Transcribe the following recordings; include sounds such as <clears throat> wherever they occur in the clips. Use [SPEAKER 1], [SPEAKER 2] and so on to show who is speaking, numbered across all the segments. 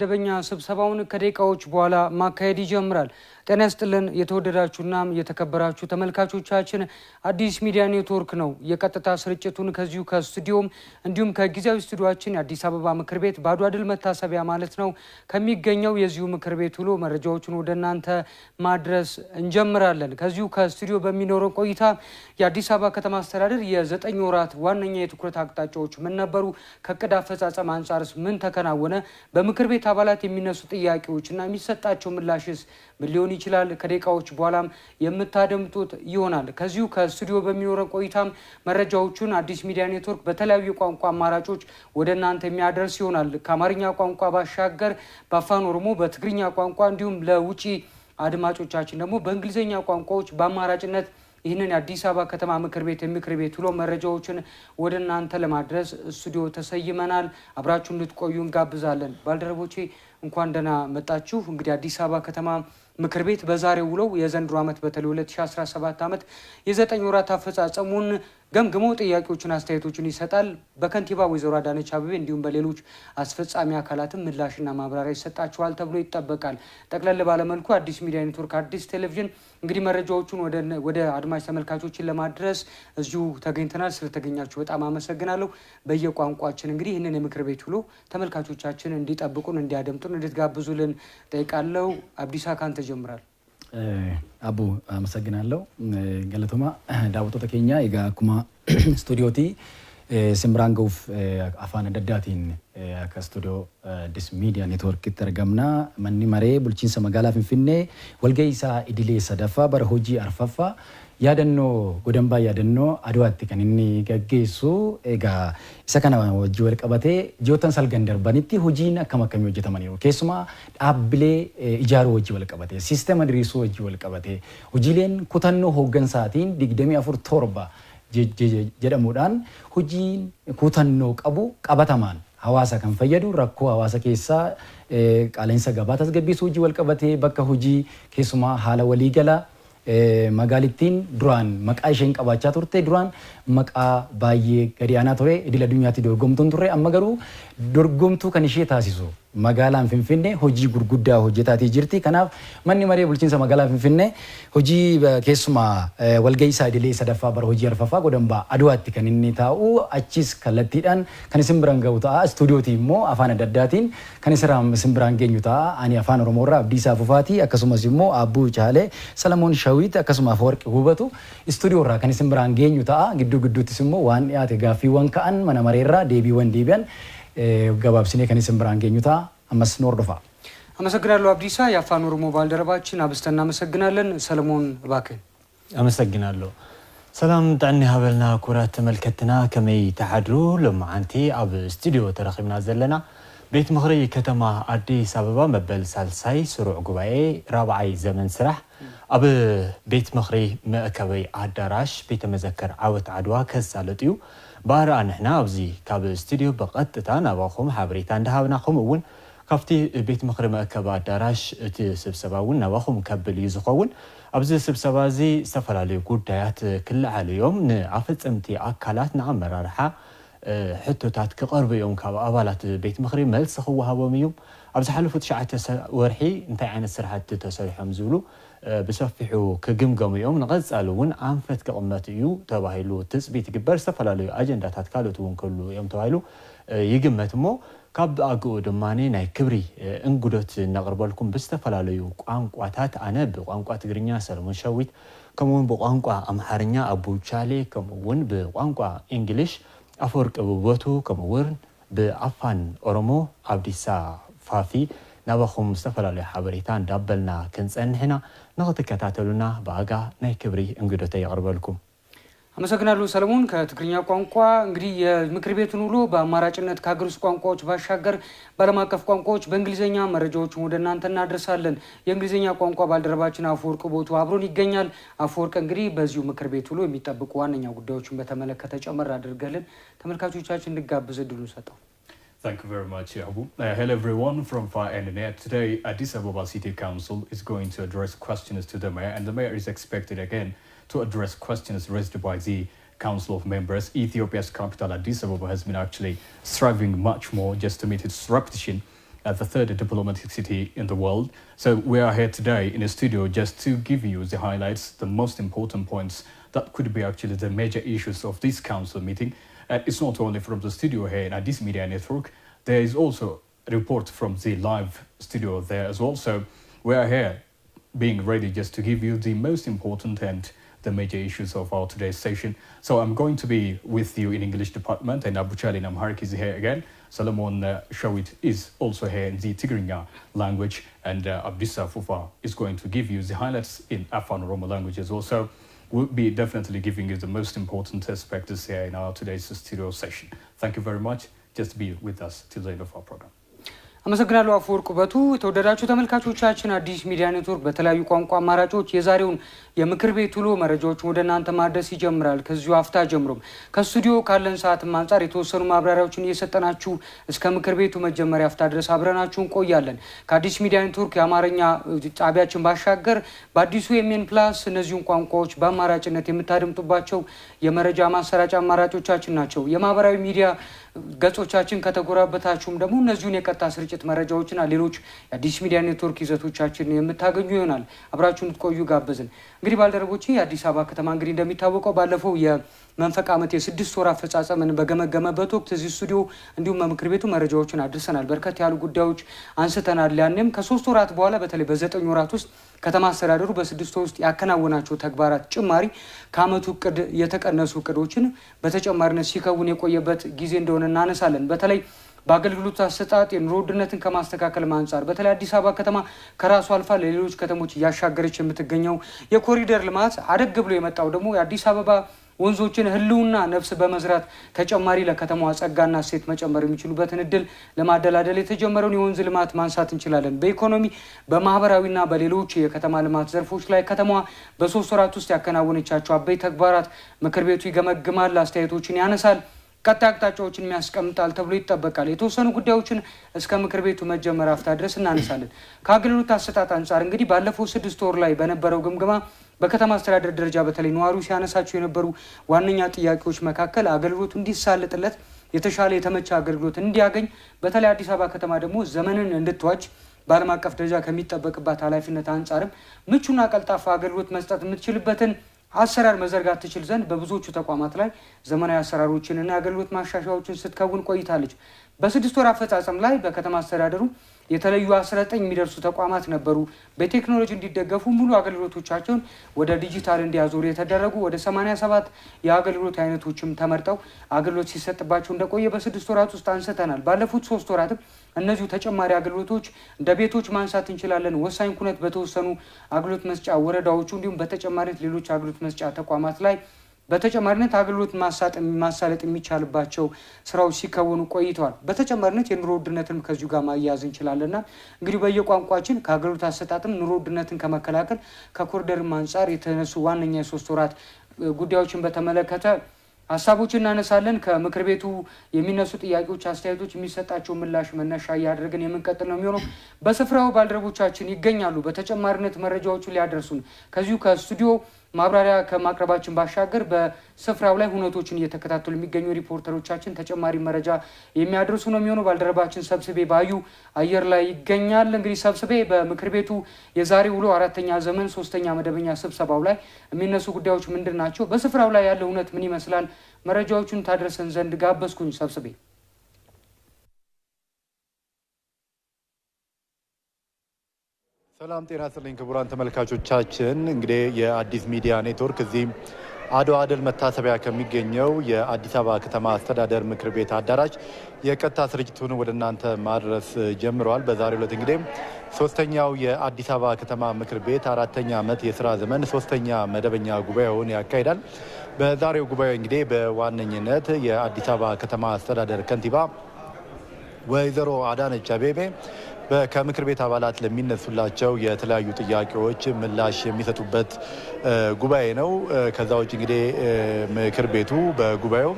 [SPEAKER 1] መደበኛ ስብሰባውን ከደቂቃዎች በኋላ ማካሄድ ይጀምራል። ጤና ይስጥልን የተወደዳችሁና የተከበራችሁ ተመልካቾቻችን፣ አዲስ ሚዲያ ኔትወርክ ነው የቀጥታ ስርጭቱን ከዚሁ ከስቱዲዮም እንዲሁም ከጊዜያዊ ስቱዲዮችን የአዲስ አበባ ምክር ቤት ባዷ ድል መታሰቢያ ማለት ነው ከሚገኘው የዚሁ ምክር ቤት ውሎ መረጃዎችን ወደ እናንተ ማድረስ እንጀምራለን። ከዚሁ ከስቱዲዮ በሚኖረው ቆይታ የአዲስ አበባ ከተማ አስተዳደር የዘጠኝ ወራት ዋነኛ የትኩረት አቅጣጫዎች ምን ነበሩ? ከቅድ አፈጻጸም አንጻርስ ምን ተከናወነ? በምክር ቤት አባላት የሚነሱ ጥያቄዎችና የሚሰጣቸው ምላሽስ ሚሊዮን ይችላል። ከደቂቃዎች በኋላም የምታደምጡት ይሆናል። ከዚሁ ከስቱዲዮ በሚኖረን ቆይታም መረጃዎቹን አዲስ ሚዲያ ኔትወርክ በተለያዩ ቋንቋ አማራጮች ወደ እናንተ የሚያደርስ ይሆናል። ከአማርኛ ቋንቋ ባሻገር በአፋን ኦሮሞ፣ በትግርኛ ቋንቋ እንዲሁም ለውጪ አድማጮቻችን ደግሞ በእንግሊዝኛ ቋንቋዎች በአማራጭነት ይህንን የአዲስ አበባ ከተማ ምክር ቤት የምክር ቤት ውሎ መረጃዎችን ወደ እናንተ ለማድረስ ስቱዲዮ ተሰይመናል። አብራችሁ እንድትቆዩ እንጋብዛለን። ባልደረቦቼ እንኳን ደህና መጣችሁ። እንግዲህ አዲስ አበባ ከተማ ምክር ቤት በዛሬው ውለው የዘንድሮ ዓመት በተለይ 2017 ዓመት የዘጠኝ ወራት አፈጻጸሙን ገምግሞ ጥያቄዎችን፣ አስተያየቶችን ይሰጣል። በከንቲባ ወይዘሮ አዳነች አበቤ እንዲሁም በሌሎች አስፈጻሚ አካላትም ምላሽና ማብራሪያ ይሰጣቸዋል ተብሎ ይጠበቃል። ጠቅለል ባለመልኩ አዲስ ሚዲያ ኔትወርክ፣ አዲስ ቴሌቪዥን እንግዲህ መረጃዎቹን ወደ አድማጭ ተመልካቾችን ለማድረስ እዚሁ ተገኝተናል። ስለተገኛችሁ በጣም አመሰግናለሁ። በየቋንቋችን እንግዲህ ይህንን የምክር ቤት ውሎ ተመልካቾቻችን እንዲጠብቁን፣ እንዲያደምጡን፣ እንድትጋብዙልን ጠይቃለሁ። አብዲሳ ካን ተጀምራል።
[SPEAKER 2] አቡ አመሰግናለው ገለቶማ ዳቦቶ ተኬኛ ጋ ኩማ <clears throat> ስቱዲዮቲ ስምራንገውፍ አፋን ደዳቲን ከስቱዲዮ ዲስ ሚዲያ ኔትወርክ ተረገምና መኒ መሬ ቡልቺንሰ መጋላ ፊንፊኔ ወልገይሳ ኢድሌ ሰደፋ በረሆጂ አርፋፋ yaadannoo godanbaa yaadannoo aduwaatti kan inni gaggeessu egaa isa kana wajjii wal qabatee ji'oottan salgan darbanitti hojiin akkam akkamii hojjetamaniiru keessumaa dhaabbilee ijaaruu wajjii wal qabatee siistema diriirsuu wajjii wal qabatee hojiileen kutannoo hooggansaatiin digdamii afur torba jedhamuudhaan hojiin kutannoo qabu qabatamaan hawaasa kan fayyadu rakkoo hawaasa keessaa qaala'insa gabaa tasgabbiisu hojii wal qabatee bakka hojii keessumaa haala waliigalaa magaalattiin duraan maqaa isheen qabaachaa turte duraan maqaa baay'ee gadi aanaa ture idil addunyaatti dorgomtuun turre amma garuu dorgomtuu kan ishee taasisu magaalaan Finfinnee hojii gurguddaa hojjetaatii jirti. Kanaaf manni maree bulchiinsa magaalaa Finfinnee hojii keessumaa walga'iisaa idilee sadaffaa bara hojii arfaffaa godambaa aduwaatti kan inni taa'u achiis kallattiidhaan kan isin biraan ga'u ta'a. Istuudiyootii immoo afaan adda addaatiin kan isiraan isin biraan geenyu ta'a. Ani afaan Oromoo irraa Abdiisaa Fufaatii akkasumas immoo Abbuu Caalee Salamoon Shawiit akkasumas Afawarqi Hubatu istuudiyoo irraa kan isin biraan geenyu ta'a. Gidduu gidduuttis immoo waan dhiyaate gaaffiiwwan ka'an mana mareerraa deebiiwwan deebi'an ገባብሲኔ ከኔ ስንብራን ገኙታ አመስኖር
[SPEAKER 3] ዶፋ
[SPEAKER 1] አመሰግናለሁ አብዲሳ። የአፋን ኦሮሞ ባልደረባችን አብስተ እናመሰግናለን። ሰለሞን እባክህ።
[SPEAKER 3] አመሰግናለሁ። ሰላም ጣዕኒ ሃበልና ኩራት ተመልከትና ከመይ ተሓድሩ ሎመዓንቲ ኣብ ስቱድዮ ተረኺብና ዘለና ቤት ምክሪ ከተማ ኣዲስ ኣበባ መበል ሳልሳይ ስሩዕ ጉባኤ ራብዓይ ዘመን ስራሕ ኣብ ቤት ምክሪ መእከበይ ኣዳራሽ ቤተ መዘከር ዓወት ዓድዋ ከሳለጥ እዩ ባህር ንሕና ኣብዚ ካብ ስቱድዮ ብቐጥታ ናባኹም ሓበሬታ እንዳሃብና ከምኡ እውን ካብቲ ቤት ምክሪ መእከብ ኣዳራሽ እቲ ስብሰባ እውን ናባኹም ከብል እዩ ዝኸውን ኣብዚ ስብሰባ እዚ ዝተፈላለዩ ጉዳያት ክለዓሉ እዮም ንኣፈፀምቲ ኣካላት ንኣመራርሓ ሕቶታት ክቐርቡ እዮም ካብ ኣባላት ቤት ምክሪ መልሲ ክወሃቦም እዩ ኣብ ዝሓለፉ ትሽዓተ ወርሒ እንታይ ዓይነት ስራሕቲ ተሰሪሖም ዝብሉ ብሰፊሑ ክግምገሙ እዮም ንቐፃሊ እውን ኣንፈት ክቕመት እዩ ተባሂሉ ትፅቢት ይግበር ዝተፈላለዩ ኣጀንዳታት ካልኦት እውን ክህሉ እዮም ተባሂሉ ይግመት እሞ ካብ ብኣግኡ ድማ ናይ ክብሪ እንግዶት ነቕርበልኩም ብዝተፈላለዩ ቋንቋታት ኣነ ብቋንቋ ትግርኛ ሰለሞን ሸዊት ከምኡውን ብቋንቋ ኣምሓርኛ ኣቦቻሌ ከምኡውን ብቋንቋ እንግሊሽ አፈወርቅ ብቦቱ ከምኡውን ብኣፋን ኦሮሞ ኣብዲሳ ፋፊ ናባኹም ዝተፈላለዩ ሓበሬታ እንዳበልና ክንፀንሕና ንኽትከታተሉና ብኣጋ ናይ ክብሪ እንግዶተ የቕርበልኩም
[SPEAKER 1] አመሰግናለሁ ሰለሞን። ከትግርኛ ቋንቋ እንግዲህ የምክር ቤቱን ውሎ በአማራጭነት ከሀገር ውስጥ ቋንቋዎች ባሻገር በዓለም አቀፍ ቋንቋዎች በእንግሊዝኛ መረጃዎችን ወደ እናንተ እናደርሳለን። የእንግሊዝኛ ቋንቋ ባልደረባችን አፈወርቅ ቦቱ አብሮን ይገኛል። አፈወርቅ እንግዲህ በዚሁ ምክር ቤት ውሎ የሚጠብቁ ዋነኛ ጉዳዮችን በተመለከተ ጨመር አድርገልን ተመልካቾቻችን እንድጋብዝ እድሉን ሰጠው።
[SPEAKER 4] Thank you very much, Yabu. Uh, hello, everyone from Fire and Net. Today, Addis Ababa City Council is going to address questions to the mayor, and the mayor is expected again to address questions raised by the Council of Members. Ethiopia's capital, Addis Ababa, has been actually striving much more just to meet its reputation as the third diplomatic city in the world. So we are here today in the studio just to give you the highlights, the most important points that could be actually the major issues of this council meeting. And uh, it's not only from the studio here in Addis media network, there is also a report from the live studio there as well. So we are here being ready just to give you the most important and the major issues of our today's session. So I'm going to be with you in English department and Abu Chalin Amharic is here again. Solomon uh, Shawit is also here in the Tigrinya language and uh, Abdissa Fufa is going to give you the highlights in Afan language as well. We'll be definitely giving you the most important aspects here in our today's studio session. Thank you very much. Just be with us till the end of our program.
[SPEAKER 1] አመሰግናለሁ አፈወርቅ ውበቱ። የተወደዳችሁ ተመልካቾቻችን አዲስ ሚዲያ ኔትወርክ በተለያዩ ቋንቋ አማራጮች የዛሬውን የምክር ቤት ውሎ መረጃዎችን ወደ እናንተ ማድረስ ይጀምራል። ከዚሁ አፍታ ጀምሮም ከስቱዲዮ ካለን ሰዓትም አንጻር የተወሰኑ ማብራሪያዎችን እየሰጠናችሁ እስከ ምክር ቤቱ መጀመሪያ አፍታ ድረስ አብረናችሁ እንቆያለን። ከአዲስ ሚዲያ ኔትወርክ የአማርኛ ጣቢያችን ባሻገር በአዲሱ የሜን ፕላስ እነዚሁን ቋንቋዎች በአማራጭነት የምታደምጡባቸው የመረጃ ማሰራጫ አማራጮቻችን ናቸው። የማህበራዊ ሚዲያ ገጾቻችን ከተጎራበታችሁም ደግሞ እነዚሁን የቀጥታ ስርጭት መረጃዎችና ሌሎች የአዲስ ሚዲያ ኔትወርክ ይዘቶቻችን የምታገኙ ይሆናል። አብራችሁን ልትቆዩ ጋበዝን። እንግዲህ ባልደረቦች የአዲስ አበባ ከተማ እንግዲህ እንደሚታወቀው ባለፈው የመንፈቅ ዓመት የስድስት ወር አፈጻጸምን በገመገመበት ወቅት እዚህ ስቱዲዮ እንዲሁም በምክር ቤቱ መረጃዎችን አድርሰናል። በርከት ያሉ ጉዳዮች አንስተናል። ያንም ከሶስት ወራት በኋላ በተለይ በዘጠኝ ወራት ውስጥ ከተማ አስተዳደሩ በስድስት ውስጥ ያከናወናቸው ተግባራት ጭማሪ ከአመቱ እቅድ የተቀነሱ እቅዶችን በተጨማሪነት ሲከውን የቆየበት ጊዜ እንደሆነ እናነሳለን። በተለይ በአገልግሎት አሰጣጥ የኑሮ ውድነትን ከማስተካከል አንጻር በተለይ አዲስ አበባ ከተማ ከራሱ አልፋ ለሌሎች ከተሞች እያሻገረች የምትገኘው የኮሪደር ልማት አደግ ብሎ የመጣው ደግሞ የአዲስ አበባ ወንዞችን ህልውና ነፍስ በመዝራት ተጨማሪ ለከተማዋ ጸጋና እሴት መጨመር የሚችሉበትን እድል ለማደላደል የተጀመረውን የወንዝ ልማት ማንሳት እንችላለን። በኢኮኖሚ በማህበራዊና በሌሎች የከተማ ልማት ዘርፎች ላይ ከተማዋ በሶስት ወራት ውስጥ ያከናወነቻቸው አበይ ተግባራት ምክር ቤቱ ይገመግማል፣ አስተያየቶችን ያነሳል። ቀጣይ አቅጣጫዎችን የሚያስቀምጣል ተብሎ ይጠበቃል። የተወሰኑ ጉዳዮችን እስከ ምክር ቤቱ መጀመር አፍታ ድረስ እናነሳለን። ከአገልግሎት አሰጣጥ አንጻር እንግዲህ ባለፈው ስድስት ወር ላይ በነበረው ግምገማ በከተማ አስተዳደር ደረጃ በተለይ ነዋሪ ሲያነሳቸው የነበሩ ዋነኛ ጥያቄዎች መካከል አገልግሎቱ እንዲሳለጥለት የተሻለ የተመቸ አገልግሎት እንዲያገኝ በተለይ አዲስ አበባ ከተማ ደግሞ ዘመንን እንድትዋጅ በዓለም አቀፍ ደረጃ ከሚጠበቅባት ኃላፊነት አንጻርም ምቹና ቀልጣፋ አገልግሎት መስጠት የምትችልበትን አሰራር መዘርጋት ትችል ዘንድ በብዙዎቹ ተቋማት ላይ ዘመናዊ አሰራሮችን እና የአገልግሎት ማሻሻያዎችን ስትከውን ቆይታለች። በስድስት ወር አፈጻጸም ላይ በከተማ አስተዳደሩ የተለዩ 19 የሚደርሱ ተቋማት ነበሩ። በቴክኖሎጂ እንዲደገፉ ሙሉ አገልግሎቶቻቸውን ወደ ዲጂታል እንዲያዞሩ የተደረጉ ወደ 87 የአገልግሎት አይነቶችም ተመርጠው አገልግሎት ሲሰጥባቸው እንደቆየ በስድስት ወራት ውስጥ አንስተናል። ባለፉት ሶስት ወራትም እነዚሁ ተጨማሪ አገልግሎቶች እንደ ቤቶች ማንሳት እንችላለን። ወሳኝ ኩነት በተወሰኑ አገልግሎት መስጫ ወረዳዎቹ እንዲሁም በተጨማሪነት ሌሎች አገልግሎት መስጫ ተቋማት ላይ በተጨማሪነት አገልግሎት ማሳለጥ የሚቻልባቸው ስራዎች ሲከወኑ ቆይተዋል። በተጨማሪነት የኑሮ ውድነትን ከዚሁ ጋር ማያያዝ እንችላለንና እንግዲህ በየቋንቋችን ከአገልግሎት አሰጣጥም ኑሮ ውድነትን ከመከላከል ከኮሪደርም አንጻር የተነሱ ዋነኛ የሶስት ወራት ጉዳዮችን በተመለከተ ሀሳቦች እናነሳለን። ከምክር ቤቱ የሚነሱ ጥያቄዎች፣ አስተያየቶች የሚሰጣቸው ምላሽ መነሻ እያደረግን የምንቀጥል ነው የሚሆነው። በስፍራው ባልደረቦቻችን ይገኛሉ። በተጨማሪነት መረጃዎቹ ሊያደርሱን ከዚሁ ከስቱዲዮ ማብራሪያ ከማቅረባችን ባሻገር በስፍራው ላይ ሁነቶችን እየተከታተሉ የሚገኙ ሪፖርተሮቻችን ተጨማሪ መረጃ የሚያደርሱ ነው የሚሆነው። ባልደረባችን ሰብስቤ ባዩ አየር ላይ ይገኛል። እንግዲህ ሰብስቤ፣ በምክር ቤቱ የዛሬ ውሎ አራተኛ ዘመን ሶስተኛ መደበኛ ስብሰባው ላይ የሚነሱ ጉዳዮች ምንድን ናቸው? በስፍራው ላይ ያለ እውነት ምን ይመስላል? መረጃዎቹን ታደርሰን ዘንድ ጋበዝኩኝ ሰብስቤ።
[SPEAKER 5] ሰላም ጤና ስልኝ ክቡራን ተመልካቾቻችን፣ እንግዲህ የአዲስ ሚዲያ ኔትወርክ እዚህ አድዋ ድል መታሰቢያ ከሚገኘው የአዲስ አበባ ከተማ አስተዳደር ምክር ቤት አዳራሽ የቀጥታ ስርጭቱን ወደ እናንተ ማድረስ ጀምረዋል። በዛሬው ዕለት እንግዲህ ሶስተኛው የአዲስ አበባ ከተማ ምክር ቤት አራተኛ ዓመት የስራ ዘመን ሶስተኛ መደበኛ ጉባኤውን ያካሂዳል። በዛሬው ጉባኤ እንግዲህ በዋነኝነት የአዲስ አበባ ከተማ አስተዳደር ከንቲባ ወይዘሮ አዳነች አቤቤ ከምክር ቤት አባላት ለሚነሱላቸው የተለያዩ ጥያቄዎች ምላሽ የሚሰጡበት ጉባኤ ነው። ከዛ ውጭ እንግዲህ ምክር ቤቱ በጉባኤው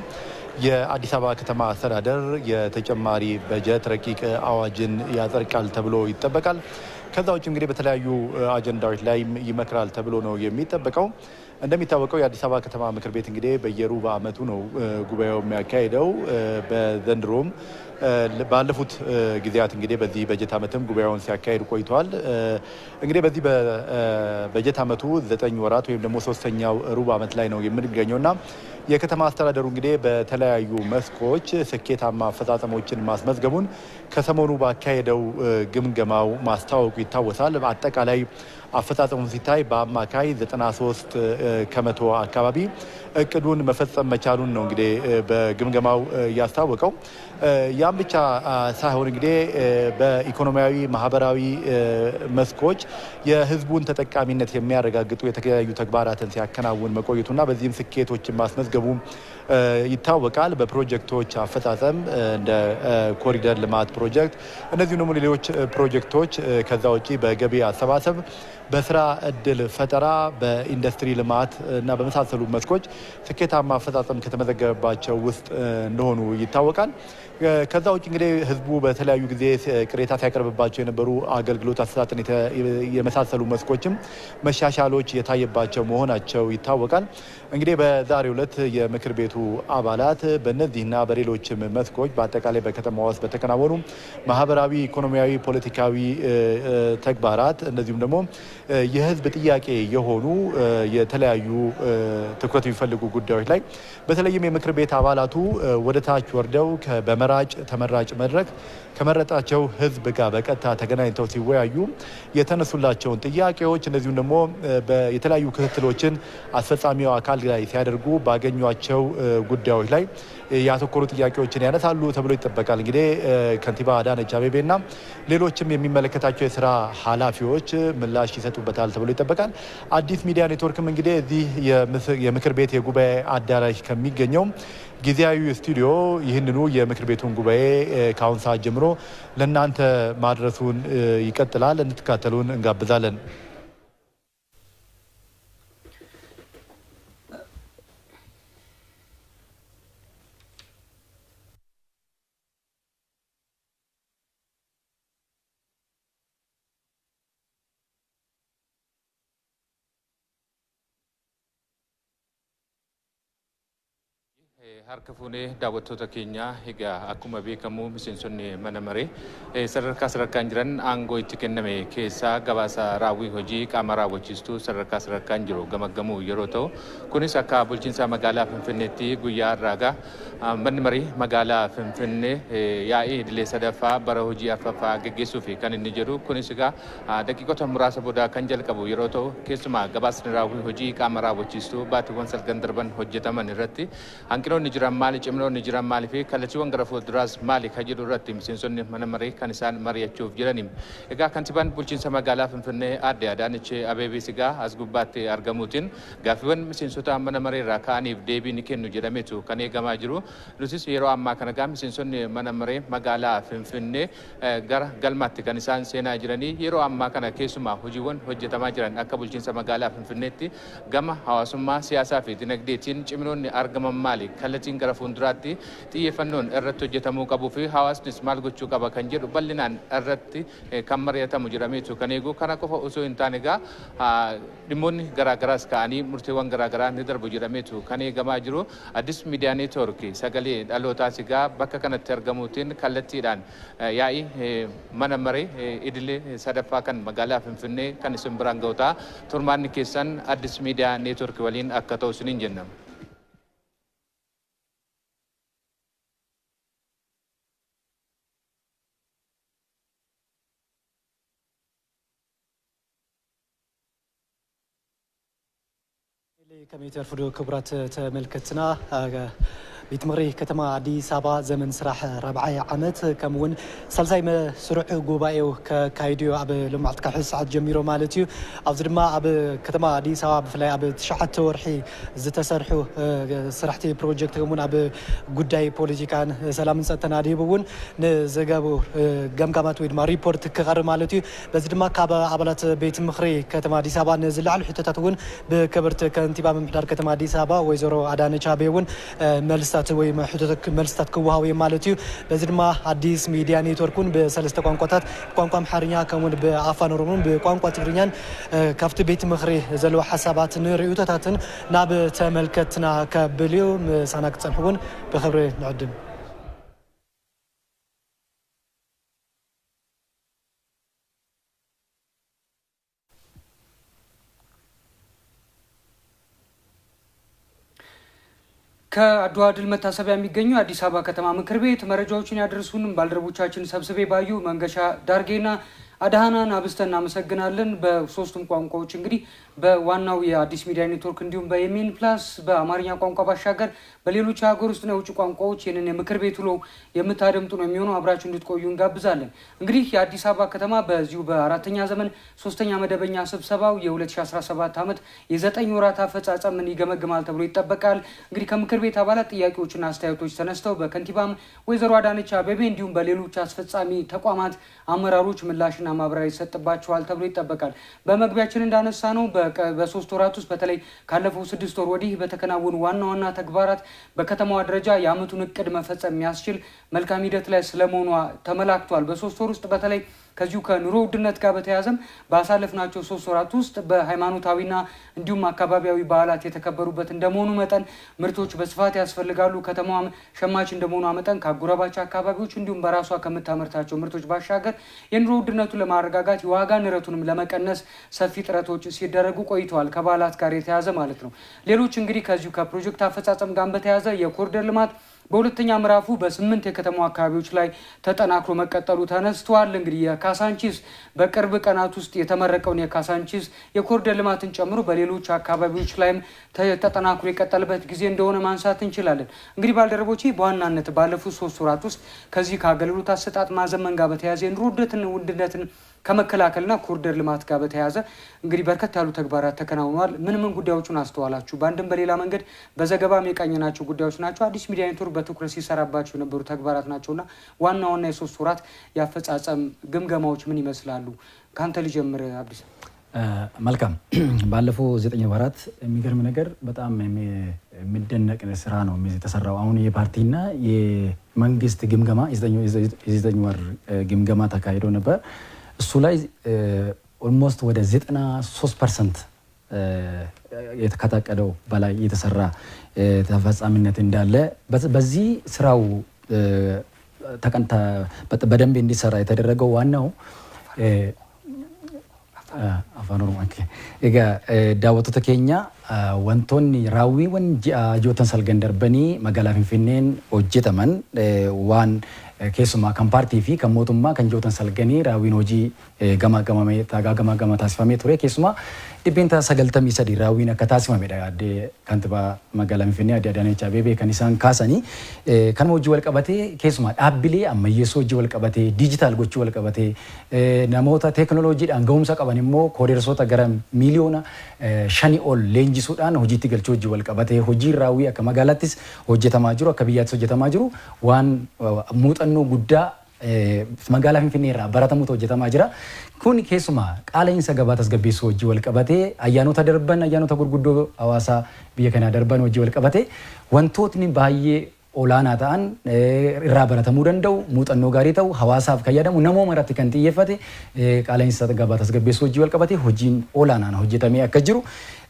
[SPEAKER 5] የአዲስ አበባ ከተማ አስተዳደር የተጨማሪ በጀት ረቂቅ አዋጅን ያጸድቃል ተብሎ ይጠበቃል። ከዛ ውጭ እንግዲህ በተለያዩ አጀንዳዎች ላይ ይመክራል ተብሎ ነው የሚጠበቀው። እንደሚታወቀው የአዲስ አበባ ከተማ ምክር ቤት እንግዲህ በየሩብ ዓመቱ ነው ጉባኤው የሚያካሄደው በዘንድሮም ባለፉት ጊዜያት እንግዲህ በዚህ በጀት ዓመትም ጉባኤውን ሲያካሄድ ቆይቷል። እንግዲህ በዚህ በጀት ዓመቱ ዘጠኝ ወራት ወይም ደግሞ ሶስተኛው ሩብ ዓመት ላይ ነው የምንገኘው እና የከተማ አስተዳደሩ እንግዲህ በተለያዩ መስኮች ስኬታማ አፈጻጸሞችን ማስመዝገቡን ከሰሞኑ ባካሄደው ግምገማው ማስታወቁ ይታወሳል። አጠቃላይ አፈጻጸሙ ሲታይ በአማካይ 93 ከመቶ አካባቢ እቅዱን መፈጸም መቻሉን ነው እንግዲህ በግምገማው ያስታወቀው። ያም ብቻ ሳይሆን እንግዲህ በኢኮኖሚያዊ፣ ማህበራዊ መስኮች የህዝቡን ተጠቃሚነት የሚያረጋግጡ የተለያዩ ተግባራትን ሲያከናውን መቆየቱና በዚህም ስኬቶችን ማስመዝገቡ ይታወቃል። በፕሮጀክቶች አፈጻጸም እንደ ኮሪደር ልማት ፕሮጀክት እነዚሁም ደግሞ ሌሎች ፕሮጀክቶች ከዛ ውጪ በገቢ አሰባሰብ በስራ እድል ፈጠራ በኢንዱስትሪ ልማት እና በመሳሰሉ መስኮች ስኬታማ አፈጻጸም ከተመዘገበባቸው ውስጥ እንደሆኑ ይታወቃል። ከዛ ውጭ እንግዲህ ህዝቡ በተለያዩ ጊዜ ቅሬታ ሲያቀርብባቸው የነበሩ አገልግሎት አሰጣጥን የመሳሰሉ መስኮችም መሻሻሎች የታየባቸው መሆናቸው ይታወቃል። እንግዲህ በዛሬው ዕለት የምክር ቤቱ አባላት በእነዚህና በሌሎችም መስኮች በአጠቃላይ በከተማ ውስጥ በተከናወኑ ማህበራዊ፣ ኢኮኖሚያዊ፣ ፖለቲካዊ ተግባራት እንደዚሁም ደግሞ የህዝብ ጥያቄ የሆኑ የተለያዩ ትኩረት የሚፈልጉ ጉዳዮች ላይ በተለይም የምክር ቤት አባላቱ ወደ ታች ወርደው በመራጭ ተመራጭ መድረክ ከመረጣቸው ህዝብ ጋር በቀጥታ ተገናኝተው ሲወያዩ የተነሱላቸውን ጥያቄዎች እንደዚሁም ደግሞ የተለያዩ ክትትሎችን አስፈጻሚው አካል ላይ ሲያደርጉ ባገኟቸው ጉዳዮች ላይ ያተኮሩ ጥያቄዎችን ያነሳሉ ተብሎ ይጠበቃል። እንግዲህ ከንቲባ አዳነች እና ሌሎችም የሚመለከታቸው የስራ ኃላፊዎች ምላሽ ይሰጡበታል ተብሎ ይጠበቃል። አዲስ ሚዲያ ኔትወርክም እንግዲህ እዚህ የምክር ቤት የጉባኤ አዳራሽ ከሚገኘው ጊዜያዊ ስቱዲዮ ይህንኑ የምክር ቤቱን ጉባኤ ከአሁን ሰዓት ጀምሮ ለእናንተ ማድረሱን ይቀጥላል። እንድትካተሉን እንጋብዛለን።
[SPEAKER 6] Harka fuunee daawwattoota keenyaa egaa akkuma beekamu miseensonni mana maree sadarkaa sadarkaan jiran aangoo itti kenname keessaa gabaasa raawwii hojii qaama raawwachiistuu sadarkaa sadarkaan jiru gamaggamuu yeroo ta'u kunis akka bulchiinsaa magaalaa Finfinneetti guyyaa har'aagaa manni marii magaalaa Finfinnee yaa'ii idilee sadaffaa bara hojii affaffaa geggeessuuf kan inni jedhu kunis egaa daqiiqota muraasa booda kan jalqabu yeroo ta'u keessumaa gabaasni raawwii hojii qaama raawwachiistuu baatiiwwan salgan darban hojjetaman irratti hanqina Naannoon jiran maali, ciminoon ni jiran maali fi kallattiiwwan gara fuulduraas maali kan jiru irratti miseensonni mana maree kan isaan mari'achuuf jirani. Egaa kantiibaan bulchiinsa magaalaa Finfinnee aadde Adaanech Abeebis egaa as gubbaatti argamuutiin miseensota mana ka'aniif deebii ni kennu jedhameetu kan eegamaa jiru. yeroo ammaa kana miseensonni mana maree magaalaa Finfinnee eh, gara galmaatti kan isaan seenaa jiranii yeroo ammaa kana keessumaa hojiiwwan hojjetamaa jiran akka bulchiinsa magaalaa Finfinneetti gama hawaasummaa siyaasaa fi dinagdeetiin ciminoonni maali? kallattiin gara fuulduraatti xiyyeeffannoon irratti hojjetamuu qabuu fi hawaasnis maal gochuu qaba kan jedhu bal'inaan irratti kan mari'atamu jedhameetu kan eegu kana qofa osoo hin taane egaa dhimmoonni garaagaraas ka'anii murteewwan garaagaraa ni darbu jedhameetu kan eegamaa jiru. Addis miidiyaa neetwoorkii sagalee dhalootaas egaa bakka kanatti argamuutiin kallattiidhaan yaa'ii mana maree idilee sadaffaa kan magaalaa Finfinnee kan isin biraan ga'u ta'a. Turmaanni keessan Addis miidiyaa neetwoorkii waliin akka ta'u isiniin jennama.
[SPEAKER 1] ከሜትር ፍዶ ክቡራት ተመልከትና ብትምሪ ከተማ ኣዲስ ኣበባ ዘመን ስራሕ 4ይ ዓመት ከምኡውን ሳልሳይ መስርዕ ጉባኤኡ ከካይድ እዩ ኣብ ልምዓት ካብ ሕዚ ሰዓት ጀሚሮ ማለት እዩ ኣብዚ ድማ ኣብ ከተማ ኣዲስ ኣበባ ብፍላይ ኣብ ትሽዓተ ወርሒ ዝተሰርሑ ስራሕቲ ፕሮጀክት ከምኡውን ኣብ ጉዳይ ፖለቲካን ሰላምን ፀጥታን ኣድሂቡ እውን ንዘገቡ ገምጋማት ወይ ድማ ሪፖርት ክቐርብ ማለት እዩ በዚ ድማ ካብ ኣባላት ቤት ምክሪ ከተማ ኣዲስ ኣበባ ንዝለዓሉ ሕቶታት እውን ብክብርቲ ከንቲባ ምምሕዳር ከተማ ኣዲስ ኣበባ ወይዘሮ ኣዳነች እውን መልስ ሕቶታት ወይ ሕቶታት መልስታት ክወሃቡ እዮም ማለት እዩ በዚ ድማ ኣዲስ ሚድያ ኔትወርክን ብሰለስተ ቋንቋታት ብቋንቋ ኣምሓርኛ ከምኡውን ብኣፋን ኦሮሞን ብቋንቋ ትግርኛን ካብቲ ቤት ምክሪ ዘለዎ ሓሳባትን ርእቶታትን ናብ ተመልከትና ከብል እዩ ምሳና ክፀንሑ እውን ብክብሪ ንዕድም ከአድዋ ድል መታሰቢያ የሚገኙ የአዲስ አበባ ከተማ ምክር ቤት መረጃዎችን ያደርሱን ባልደረቦቻችን ሰብስቤ ባዩ፣ መንገሻ ዳርጌና አድሃናን አብስተን እናመሰግናለን። በሶስቱም ቋንቋዎች እንግዲህ በዋናው የአዲስ ሚዲያ ኔትወርክ እንዲሁም በየሜን ፕላስ በአማርኛ ቋንቋ ባሻገር በሌሎች ሀገር ውስጥና የውጭ ቋንቋዎች ይህንን የምክር ቤት ውሎ የምታደምጡ ነው የሚሆነው። አብራችሁ እንድትቆዩ እንጋብዛለን። እንግዲህ የአዲስ አበባ ከተማ በዚሁ በአራተኛ ዘመን ሶስተኛ መደበኛ ስብሰባው የ2017 ዓመት የዘጠኝ ወራት አፈጻጸምን ይገመግማል ተብሎ ይጠበቃል። እንግዲህ ከምክር ቤት አባላት ጥያቄዎችና አስተያየቶች ተነስተው በከንቲባም ወይዘሮ አዳነች አቤቤ እንዲሁም በሌሎች አስፈጻሚ ተቋማት አመራሮች ምላሽና ማብራሪያ ይሰጥባቸዋል ተብሎ ይጠበቃል። በመግቢያችን እንዳነሳ ነው በሶስት ወራት ውስጥ በተለይ ካለፈው ስድስት ወር ወዲህ በተከናወኑ ዋና ዋና ተግባራት በከተማዋ ደረጃ የአመቱን እቅድ መፈጸም የሚያስችል መልካም ሂደት ላይ ስለመሆኗ ተመላክቷል። በሶስት ወር ውስጥ በተለይ ከዚሁ ከኑሮ ውድነት ጋር በተያያዘም ባሳለፍናቸው ሶስት ወራት ውስጥ በሃይማኖታዊና እንዲሁም አካባቢያዊ በዓላት የተከበሩበት እንደመሆኑ መጠን ምርቶች በስፋት ያስፈልጋሉ። ከተማዋ ሸማች እንደመሆኗ መጠን ከአጎራባች አካባቢዎች እንዲሁም በራሷ ከምታመርታቸው ምርቶች ባሻገር የኑሮ ውድነቱን ለማረጋጋት የዋጋ ንረቱንም ለመቀነስ ሰፊ ጥረቶች ሲደረጉ ቆይተዋል። ከበዓላት ጋር የተያዘ ማለት ነው። ሌሎች እንግዲህ ከዚሁ ከፕሮጀክት አፈጻጸም ጋር በተያያዘ የኮሪደር ልማት በሁለተኛ ምዕራፉ በስምንት የከተማ አካባቢዎች ላይ ተጠናክሮ መቀጠሉ ተነስተዋል። እንግዲህ የካሳንቺስ በቅርብ ቀናት ውስጥ የተመረቀውን የካሳንቺስ የኮሪደር ልማትን ጨምሮ በሌሎች አካባቢዎች ላይም ተጠናክሮ የቀጠልበት ጊዜ እንደሆነ ማንሳት እንችላለን። እንግዲህ ባልደረቦቼ በዋናነት ባለፉት ሶስት ወራት ውስጥ ከዚህ ከአገልግሎት አሰጣጥ ማዘመን ጋር በተያያዘ የኑሮ ውድነትን ከመከላከልና ኮሪደር ልማት ጋር በተያያዘ እንግዲህ በርከት ያሉ ተግባራት ተከናውነዋል። ምን ምን ጉዳዮቹን አስተዋላችሁ? በአንድም በሌላ መንገድ በዘገባም የቃኘናቸው ጉዳዮች ናቸው። አዲስ ሚዲያ ኔትወርክ በትኩረት ሲሰራባቸው የነበሩ ተግባራት ናቸውና ዋና ዋና የሶስት ወራት የአፈጻጸም ግምገማዎች ምን ይመስላሉ? ከአንተ ልጀምር አብዲስ።
[SPEAKER 2] መልካም <clears throat> ባለፈው ዘጠኝ ወራት የሚገርም ነገር በጣም የሚደነቅ ስራ ነው የተሰራው። አሁን የፓርቲና የመንግስት ግምገማ የዘጠኝ ወር ግምገማ ተካሂዶ ነበር። እሱ ላይ ኦልሞስት ወደ 93 ፐርሰንት ከተቀደው በላይ የተሰራ ተፈጻሚነት እንዳለ በዚህ ስራው በደንብ እንዲሰራ የተደረገው ዋናው ዳወቱ ተኬኛ ወንቶን ራዊ ወን ወንቶኒ ራዊወን ጆተን ሰልገንደርበኒ መጋላ ፊንፊኔን ሆጀተመን ዋን keessumaa kan paartii fi kan mootummaa kan ji'ootan salganii raawwiin hojii gamaa gamamee taagaa gamaa gama taasifamee ture keessumaa dhibbeenta sagaltamii sadii raawwiin akka taasifamedha addee kantibaa magaalaa Finfinnee adde Adaanech Beebee kan isaan kaasanii kanuma hojii wal qabatee keessumaa dhaabbilee ammayyeessoo hojii wal qabatee diijitaal gochuu wal qabatee namoota teekinooloojiidhaan ga'umsa qaban immoo koodersoota gara miiliyoona shanii ol leenjisuudhaan hojiitti galchuu hojii wal qabatee hojii raawwii akka magaalattis hojjetamaa jiru akka biyyaattis hojjetamaa jiru waan muuxannoo guddaa magaalaa Finfinnee irraa baratamuutu hojjetamaa jira. Kun keessumaa qaala gabaas tasgabbeessu hojii wal qabatee ayyaanota darban ayyaanota gurguddoo hawaasaa biyya kanaa darban hojii wal qabatee wantootni baay'ee olaanaa ta'an irraa baratamuu danda'u muuxannoo gaarii ta'u hawaasaaf fayyadamu namooma irratti kan xiyyeeffate qaala'insa gabaas tasgabbeessu hojii wal qabatee hojiin olaanaan hojjetamee akka jiru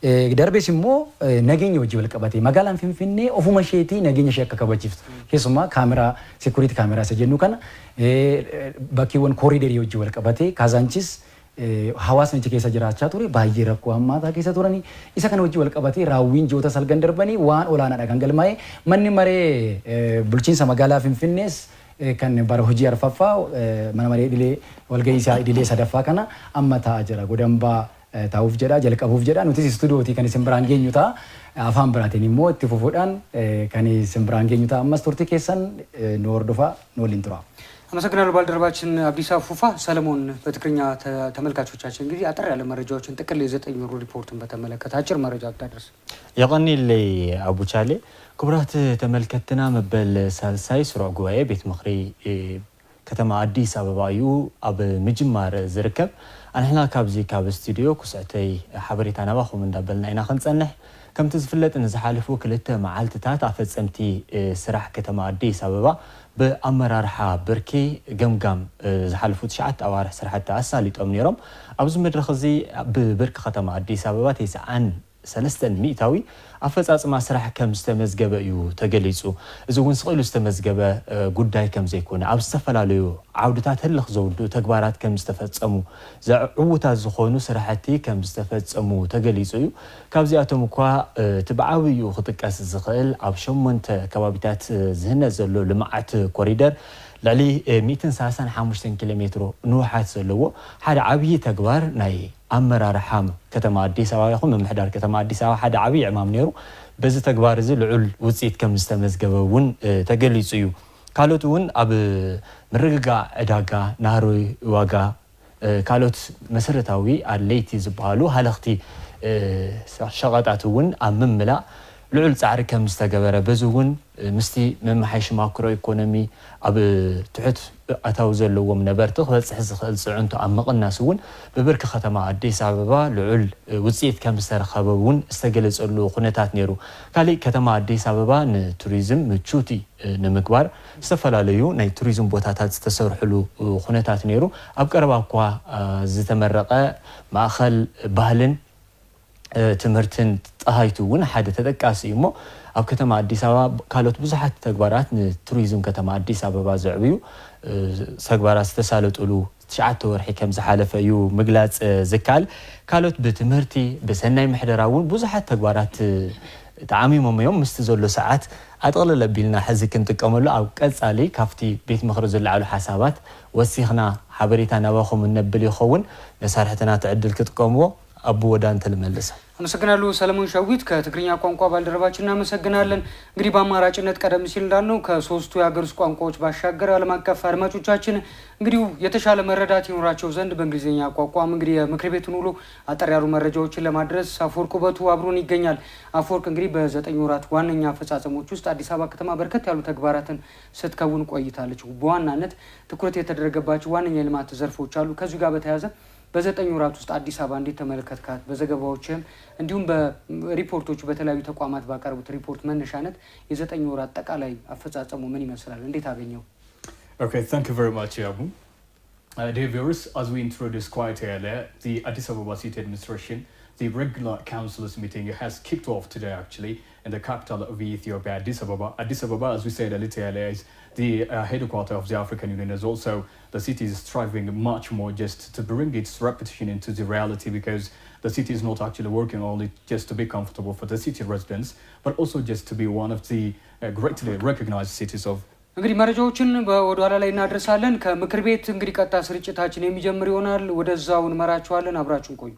[SPEAKER 2] Darbee immoo nageenya wajjin wal qabatee magaalaan Finfinnee ofuma isheetii nageenya ishee akka kabachiiftu keessumaa kaameraa seekuuritii kaameraa isa jennu kana bakkeewwan kooriidarii wajjin wal qabatee kaazaanchis hawaasni achi keessa jiraachaa ture baay'ee rakkoo hammaataa keessa turanii isa kana wajjin wal qabatee raawwiin ji'oota salgan darbanii waan olaanaadha kan galmaa'e manni maree bulchiinsa magaalaa Finfinnees kan bara hojii arfaffaa mana maree idilee walgahii isaa idilee sadaffaa kana amma taa'aa jira godambaa taa'uuf jedha, jala qabuuf jedha. Nutis istuudootii kan isin biraan geenyu ta'a. Afaan biraatiin immoo itti fufuudhaan kan isin biraan geenyu ta'a. Ammas turtii keessan nu hordofaa nu waliin tura.
[SPEAKER 1] አመሰግናለሁ ባልደረባችን አብዲሳ ፉፋ ሰለሞን። በትግርኛ ተመልካቾቻችን እንግዲህ አጠር ያለ መረጃዎችን ጥቅል የዘጠኝ ወሩ ሪፖርትን በተመለከተ አጭር መረጃ ብታደርስ
[SPEAKER 3] የቀኒ ላይ አቡቻሌ ክቡራት ተመልከትና መበል ሳልሳይ ስሩዕ ጉባኤ ቤት ምክሪ ከተማ አዲስ አበባ እዩ ኣብ ምጅማር ዝርከብ ኣንሕና ካብዚ ካብ እስትድዮ ኩስዕተይ ሓበሬታ ናባኹም እንዳበልና ኢና ክንፀንሕ ከምቲ ዝፍለጥ ንዝሓለፉ ክልተ መዓልትታት ኣፈፀምቲ ስራሕ ከተማ ኣዲስ ኣበባ ብኣመራርሓ ብርኪ ገምጋም ዝሓለፉ ትሽዓተ ኣዋርሒ ስራሕቲ ኣሳሊጦም ነይሮም ኣብዚ መድረክ እዚ ብብርኪ ከተማ ኣዲስ ኣበባ 93 ሚእታዊ ኣፈፃፅማ ስራሕ ከም ዝተመዝገበ እዩ ተገሊፁ እዚ እውን ስቕኢሉ ዝተመዝገበ ጉዳይ ከም ዘይኮነ ኣብ ዝተፈላለዩ ዓውድታት ህልኽ ዘውድኡ ተግባራት ከም ዝተፈፀሙ ዘዕውታት ዝኾኑ ስራሕቲ ከም ዝተፈፀሙ ተገሊፁ እዩ ካብዚኣቶም እኳ እቲ ብዓብዩ ክጥቀስ ዝኽእል ኣብ 8ንተ ከባቢታት ዝህነት ዘሎ ልምዓት ኮሪደር ልዕሊ 135 ኪሎ ሜትሮ ንውሓት ዘለዎ ሓደ ዓብዪ ተግባር ናይ ኣመራርሓ ከተማ ኣዲስ ኣበባ ይኹም ምምሕዳር ከተማ ኣዲስ ኣበባ ሓደ ዓብዪ ዕማም ነይሩ እዩ በዚ ተግባር እዚ ልዑል ውፅኢት ከም ዝተመዝገበ እውን ተገሊፁ እዩ ካልኦት እውን ኣብ ምርግጋ ዕዳጋ ናህሪ ዋጋ ካልኦት መሰረታዊ ኣድለይቲ ዝበሃሉ ሃለኽቲ ሸቐጣት እውን ኣብ ምምላእ ልዑል ፃዕሪ ከም ዝተገበረ በዚ እውን ምስቲ መመሓይሽ ማክሮ ኢኮኖሚ ኣብ ትሑት ኣታዊ ዘለዎም ነበርቲ ክበፅሕ ዝኽእል ፅዕንቶ ኣብ ምቕናስ እውን ብብርኪ ከተማ ኣዲስ ኣበባ ልዑል ውፅኢት ከም ዝተረኸበ እውን ዝተገለፀሉ ኩነታት ነይሩ ካሊእ ከተማ ኣዲስ ኣበባ ንቱሪዝም ምቹቲ ንምግባር ዝተፈላለዩ ናይ ቱሪዝም ቦታታት ዝተሰርሕሉ ኩነታት ነይሩ ኣብ ቀረባ እኳ ዝተመረቐ ማእኸል ባህልን ትምህርትን ፀሃይቱ እውን ሓደ ተጠቃሲ እዩ እሞ ኣብ ከተማ ኣዲስ ኣበባ ካልኦት ብዙሓት ተግባራት ንቱሪዝም ከተማ ኣዲስ ኣበባ ዘዕብዩ ተግባራት ዝተሳለጡሉ ትሽዓተ ወርሒ ከም ዝሓለፈ እዩ ምግላፅ ዝካል ካልኦት ብትምህርቲ ብሰናይ ምሕደራ እውን ብዙሓት ተግባራት ተዓሚሞም እዮም ምስቲ ዘሎ ሰዓት ኣጠቕልል ኣቢልና ሕዚ ክንጥቀመሉ ኣብ ቀፃሊ ካብቲ ቤት ምክሪ ዝለዓሉ ሓሳባት ወሲኽና ሓበሬታ ናባኹም እነብል ይኸውን መሳርሕትና ትዕድል ክጥቀምዎ አቡ ወደ አንተ ልመልሰ።
[SPEAKER 1] አመሰግናለሁ ሰለሞን ሸዊት ከትግርኛ ቋንቋ ባልደረባችን እናመሰግናለን። እንግዲህ በአማራጭነት ቀደም ሲል እንዳልነው ከሶስቱ የሀገር ውስጥ ቋንቋዎች ባሻገር ዓለም አቀፍ አድማጮቻችን እንግዲህ የተሻለ መረዳት ይኖራቸው ዘንድ በእንግሊዝኛ ቋቋም እንግዲህ የምክር ቤቱን ውሎ አጠር ያሉ መረጃዎችን ለማድረስ አፈወርቅ ውበቱ አብሮን ይገኛል። አፈወርቅ እንግዲህ በዘጠኝ ወራት ዋነኛ አፈጻጸሞች ውስጥ አዲስ አበባ ከተማ በርከት ያሉ ተግባራትን ስትከውን ቆይታለች። በዋናነት ትኩረት የተደረገባቸው ዋነኛ የልማት ዘርፎች አሉ። ከዚሁ ጋር በተያያዘ በዘጠኝ ወራት ውስጥ አዲስ አበባ እንዴት ተመለከትካት? በዘገባዎችም እንዲሁም በሪፖርቶች በተለያዩ ተቋማት ባቀረቡት ሪፖርት መነሻነት የዘጠኝ ወራት አጠቃላይ አፈጻጸሙ ምን ይመስላል? እንዴት አገኘው?
[SPEAKER 4] ኦኬ ታንክ ዩ ቨሪ ማች ያቡ ዴቪርስ አዝ ዊ ኢንትሮዲስ ኳይት ያለ አዲስ አበባ ሲቲ አድሚኒስትሬሽን The regular councillors meeting has kicked off today, actually, in the capital of Ethiopia, Addis Ababa. Addis Ababa, as we said a little earlier, is the uh, headquarters of the African Union. Is also the city is striving much more just to bring its reputation into the reality because the city is not actually working only just to be comfortable for the city residents, but also just to be one of the uh, greatly recognized cities of
[SPEAKER 1] እንግዲህ መረጃዎችን ላይ እናደርሳለን። ከምክር ቤት እንግዲህ ቀጥታ ስርጭታችን የሚጀምር ይሆናል። ወደዛው እንመራችኋለን። አብራችሁን ቆዩ።